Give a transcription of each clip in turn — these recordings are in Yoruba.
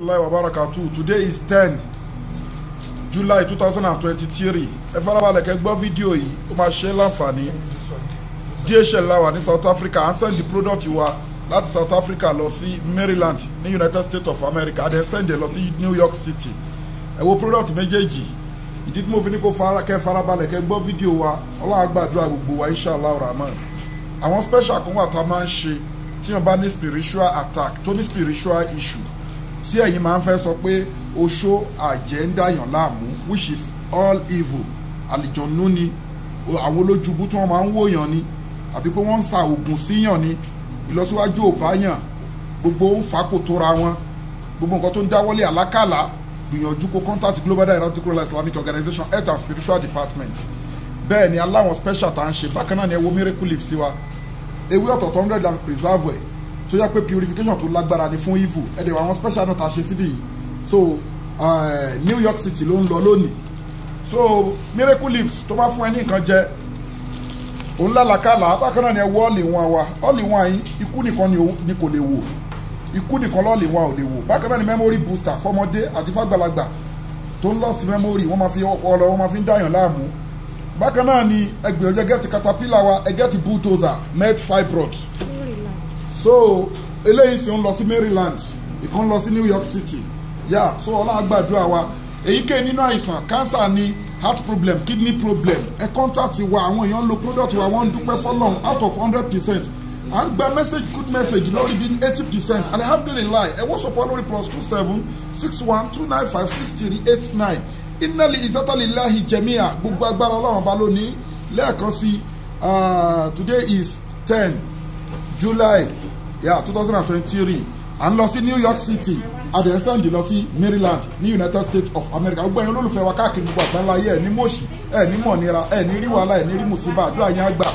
barakatu. Today is ten July 2023. Ẹ farabalẹ̀ kẹ́ gbọ́ fídíò yìí, ó máa ṣe láǹfààní. DHL la wà ní South Africa, and send the product wa láti South Africa lọ sí Maryland ní United States of America, and àdé sẹ́ndì lọ sí New York City. Ẹ wo product méjèèjì. Ìdí tí mo fi ní kó kẹ́ farabalẹ̀ kẹ́ gbọ́ fídíò wa, Ọlọ́run á gbàdúrà gbogbo wa, inshallah rahman. Àwọn special kan wà tá a máa ń ṣe tí wọ́n bá ní spiritual attack tó ní spiritual issue sí ẹ̀yin máa ń fẹ́ sọ pé oṣó àjẹ́ ń láàmú which is all evil àlìjọ̀nú ni àwọn olójúbú tí wọ́n máa ń wòyàn ni àbí pé wọ́n ń sa oògùn síyàn ni ìlọsíwájú ò bá yàn gbogbo ń fa kò tóra wọn gbogbo nǹkan tó ń dáwọ́lé àlákàlà gbìyànjú kó contact global dahiratu kurala islamic organization health and spiritual department bẹ́ẹ̀ ni aláwọn special tá à ń ṣe bákan náà ni ẹ wo miracle leaf sí wa ewé ọ̀tọ̀ọ̀tọ̀ hundred and preserve ẹ̀ tó yẹ pé purification tó lágbára ni fún evil ẹ̀dẹ̀ àwọn special note àṣẹ síbí yìí so uh, New York City ló ń lọ lónìí so miracle leaves tó bá fún ẹ ní nǹkan jẹ òun lálàkàlà bákan náà ni ẹ wọ ọ̀lì wọn wa ọ̀lì wọn yìí ikú nìkan ni kò lè wò ikú nìkan lọ́ọ̀lì wọn ò lè wò bákan náà ni memory booster fọmọdé àti fàgbàlagbà tó ń lost memory wọ́n máa fi ọlọ wọ́n máa fi ń dàyàn láàmú bákan náà ni ẹgbẹ̀rún ẹgẹ́tì caterpillar wa ẹgẹ́tì bulldozer med fibroid so eléyìí sì ń lọ sí Maryland ìkan lọ sí New York City yà yeah. so ọlọ́run gbàdúrà wa èyíkéyìí nínú àìsàn cancer ni heart problem kidney problem ẹ contact wa àwọn èèyàn lo product wa wọ́n ń dúpẹ́ fọlọ́run out of hundred percent à ń gba message good message lórí bíi eighty percent And alihamdulilayi ẹ wọ́n sọ̀pọ̀ lórí plus two seven six one two nine five six three eight nine innali izatalilahi jemiya gbogbo agbára ọlọ́run ba lónìí lẹ́ẹ̀kan sí uh, today is ten July yeah two thousand and twenty-three à ń lọ sí New York City adẹ́sẹ́ǹdì lọ sí Maryland ní United States of America gbogbo ẹ̀yin olólùfẹ́ wa káàkiri gbogbo àgbáńlá ayé ẹ̀ ní mọ̀ọ́sì ẹ̀ ní mọ̀ọ́nira ẹ̀ ní rí wàhálà ẹ̀ ní rí mùsíbà àdúrà yẹn àgbà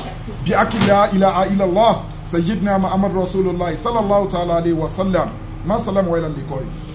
bí akílẹ̀ ilà ilàlá sayyidina muhammad rasulillah sallallahu ta'ala alayhi wa sallam masalam wa ilà nìkọ́yì.